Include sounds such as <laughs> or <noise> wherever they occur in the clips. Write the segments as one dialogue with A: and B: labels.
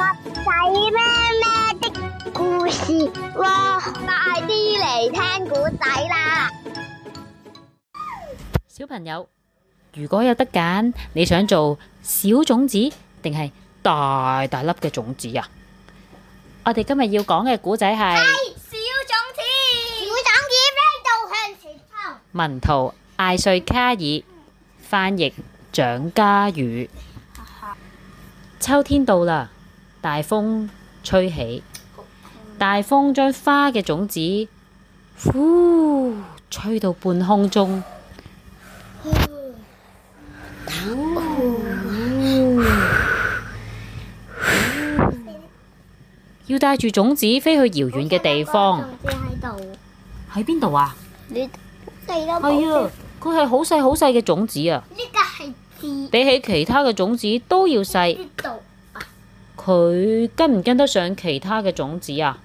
A: 仔咩咩的故事，哇！快啲嚟聽古仔啦，小朋友。如果有得揀，你想做小種子定係大大粒嘅種子啊？我哋今日要講嘅古仔係小種子，小種子咩度向前走。文圖艾瑞卡爾，翻譯蔣家語。秋天到啦。大風吹起，大風將花嘅種子呼吹到半空中，要帶住種子飛去遙遠嘅地方。喺邊度啊？係啊，佢係好細好細嘅種子啊，比起其他嘅種子都要細。佢跟唔跟得上其他嘅種子啊？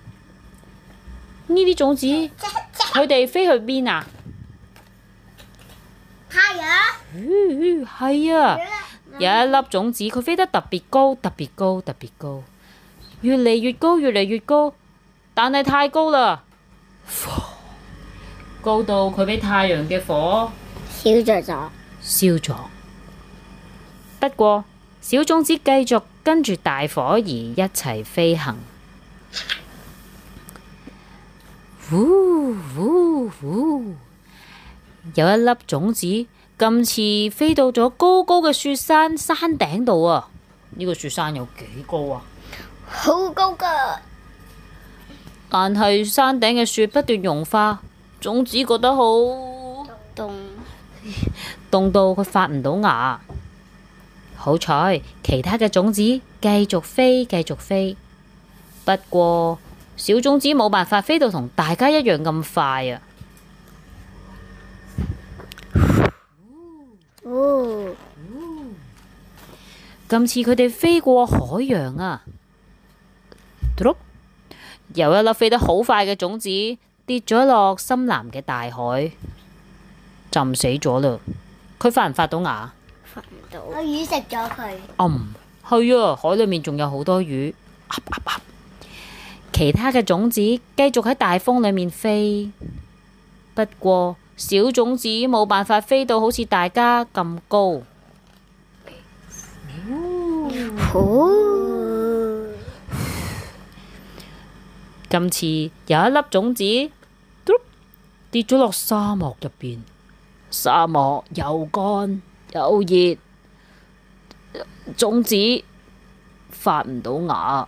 A: 呢啲種子，佢哋 <laughs> 飛去邊啊？太陽陽？係、嗯嗯、啊，嗯、有一粒種子，佢飛得特別高，特別高，特別高，越嚟越高，越嚟越高，但係太高啦，高到佢俾太陽嘅火燒咗咗。了不過小種子繼續。跟住大火兒一齊飛行，嗚嗚嗚，嗚！有一粒種子，今次飛到咗高高嘅雪山山頂度啊！呢個雪山有幾高啊？好高㗎！但係山頂嘅雪不斷融化，種子覺得好凍，凍，凍到佢發唔到芽。好彩，其他嘅種子繼續飛，繼續飛。不過小種子冇辦法飛到同大家一樣咁快啊！哦，哦。今次佢哋飛過海洋啊，由一粒飛得好快嘅種子跌咗落深藍嘅大海，浸死咗嘞。佢發唔發到芽？食唔魚食咗佢。嗯，係啊！海裏面仲有好多魚。啊啊啊、其他嘅種子繼續喺大風裏面飛。不過小種子冇辦法飛到好似大家咁高。哦、 <laughs> 今次有一粒種子，嘟嘟跌咗落沙漠入邊。沙漠又乾。又熱，種子發唔到芽。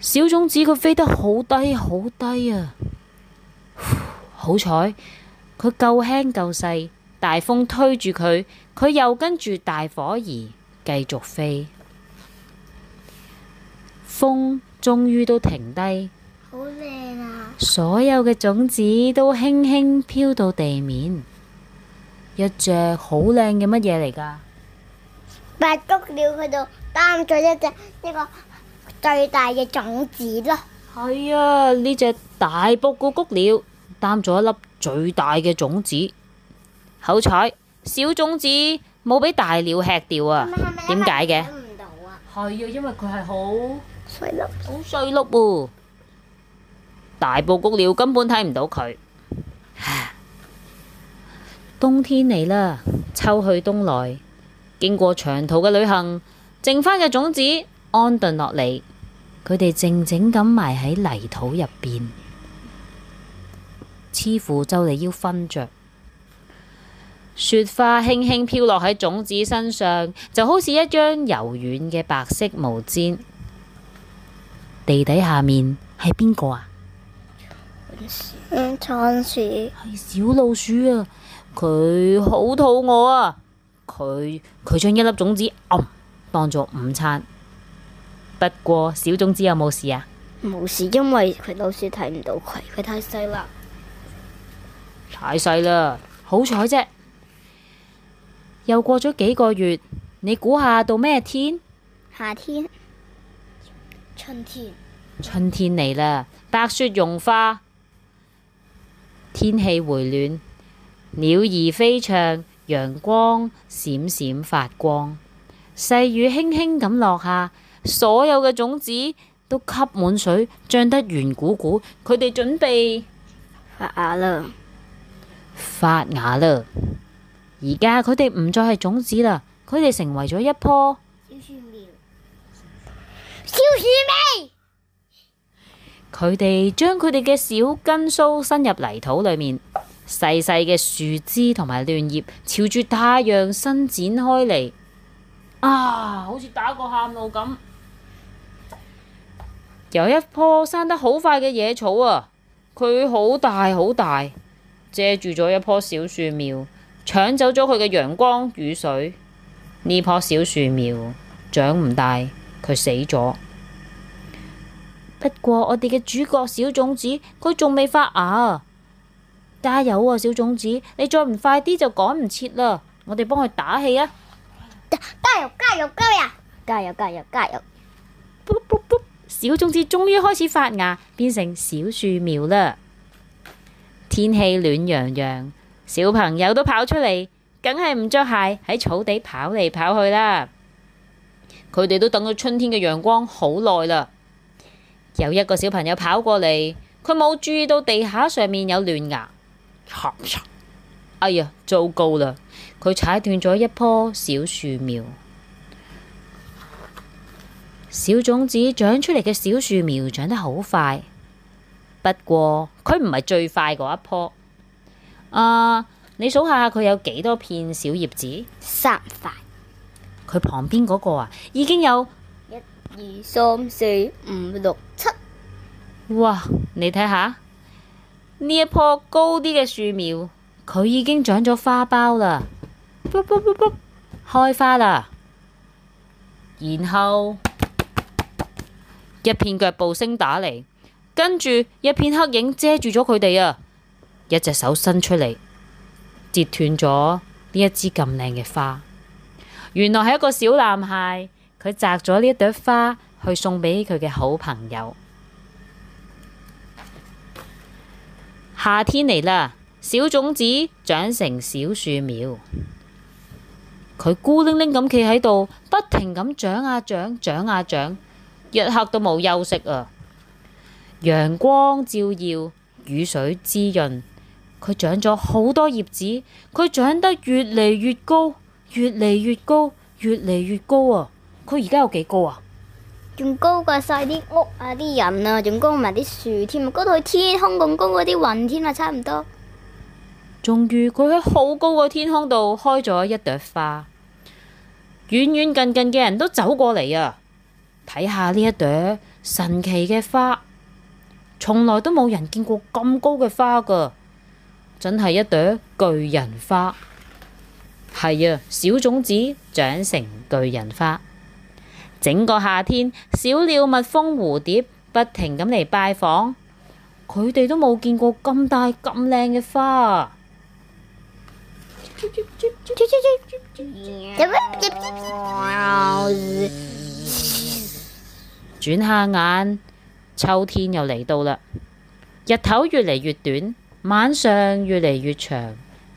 A: 小種子佢飛得好低好低啊！好彩佢夠輕夠細，大風推住佢，佢又跟住大火兒繼續飛。風終於都停低，好靚啊，所有嘅種子都輕輕飄到地面。一隻好靚嘅乜嘢嚟噶？布谷鳥佢就擔咗一隻呢個最大嘅種子咯。係啊，呢隻大布谷鳥擔咗一粒最大嘅種子，好彩小種子冇俾大鳥吃掉啊！點解嘅？係啊，因為佢係好細粒，好細粒噃，大布谷鳥根本睇唔到佢。冬天嚟啦，秋去冬來，經過長途嘅旅行，剩翻嘅種子安頓落嚟，佢哋靜靜咁埋喺泥土入邊，似乎就嚟要瞓着。雪花輕輕飄落喺種子身上，就好似一張柔軟嘅白色毛氈。地底下面係邊個啊？嗯，倉鼠，係小老鼠啊。佢好肚餓啊！佢，佢將一粒種子暗當做午餐。不過小種子有冇事啊？冇事，因為佢老鼠睇唔到佢，佢太細啦，太細啦。好彩啫！又過咗幾個月，你估下到咩天？夏天、春天、春天嚟啦！白雪融化，天氣回暖。鳥兒飛翔，陽光閃閃發光，細雨輕輕咁落下，下，所有嘅種子都吸滿水，脹得圓鼓鼓，佢哋準備發芽啦！發芽啦！而家佢哋唔再係種子啦，佢哋成為咗一棵小樹苗。小樹苗，佢哋將佢哋嘅小根須伸入泥土裏面。細細嘅樹枝同埋嫩葉朝住太陽伸展開嚟啊，好似打過喊路咁。有一棵生得好快嘅野草啊，佢好大好大，遮住咗一棵小樹苗，搶走咗佢嘅陽光雨水。呢棵小樹苗長唔大，佢死咗。不過我哋嘅主角小種子，佢仲未發芽。加油啊，小種子！你再唔快啲就趕唔切啦！我哋幫佢打氣啊！加油，加油，加油！加油，加油，加油！小種子終於開始發芽，變成小樹苗啦。天氣暖洋洋，小朋友都跑出嚟，梗係唔着鞋喺草地跑嚟跑去啦。佢哋都等到春天嘅陽光好耐啦。有一個小朋友跑過嚟，佢冇注意到地下上面有嫩芽。哎呀，糟糕啦！佢踩斷咗一棵小樹苗。小種子長出嚟嘅小樹苗長得好快。不過佢唔係最快嗰一棵。啊，你數下佢有幾多片小葉子？三塊。佢旁邊嗰個啊，已經有一二三四五六七。哇！你睇下。呢一棵高啲嘅樹苗，佢已經長咗花苞啦，開花啦。然後一片腳步聲打嚟，跟住一片黑影遮住咗佢哋啊！一隻手伸出嚟，截斷咗呢一支咁靚嘅花。原來係一個小男孩，佢摘咗呢一朵花去送俾佢嘅好朋友。夏天嚟啦，小種籽長成小樹苗。佢孤零零咁企喺度，不停咁長啊長，長啊長，一刻都冇休息啊。陽光照耀，雨水滋潤，佢長咗好多葉子。佢長得越嚟越高，越嚟越高，越嚟越高啊！佢而家有幾高啊？仲高過晒啲屋啊，啲人啊，仲高埋啲樹添，高到去天空咁高嗰啲雲添啊，差唔多。終於佢喺好高嘅天空度開咗一朵花，遠遠近近嘅人都走過嚟啊，睇下呢一朵神奇嘅花，從來都冇人見過咁高嘅花噶，真係一朵巨人花。係啊，小種子長成巨人花。整個夏天，小鳥、蜜蜂、蝴蝶不停咁嚟拜訪，佢哋都冇見過咁大咁靚嘅花。 <laughs> 轉下眼，秋天又嚟到啦，日頭越嚟越短，晚上越嚟越長，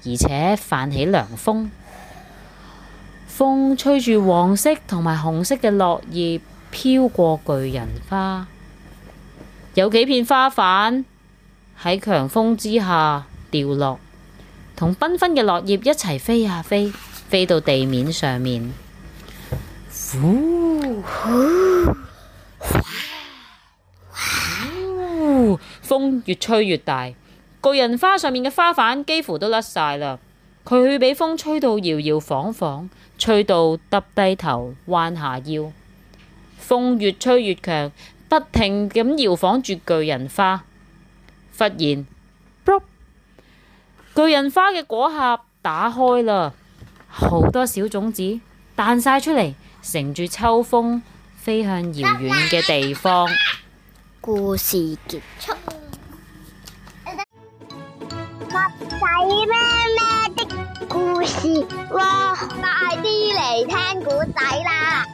A: 而且泛起涼風。風吹住黃色同埋紅色嘅落葉飄過巨人花，有幾片花瓣喺強風之下掉落，同繽紛嘅落葉一齊飛啊飛，飛到地面上面。呼、哦哦、風越吹越大，巨人花上面嘅花瓣幾乎都甩晒啦。佢俾風吹到搖搖晃晃，吹到揼低頭彎下腰。風越吹越強，不停咁搖晃住巨人花。忽然，巨巨人花嘅果盒打開啦，好多小種子彈晒出嚟，乘住秋風飛向遙遠嘅地方。故事結束。襪仔咩咩？故事，哇，快啲嚟聽古仔啦！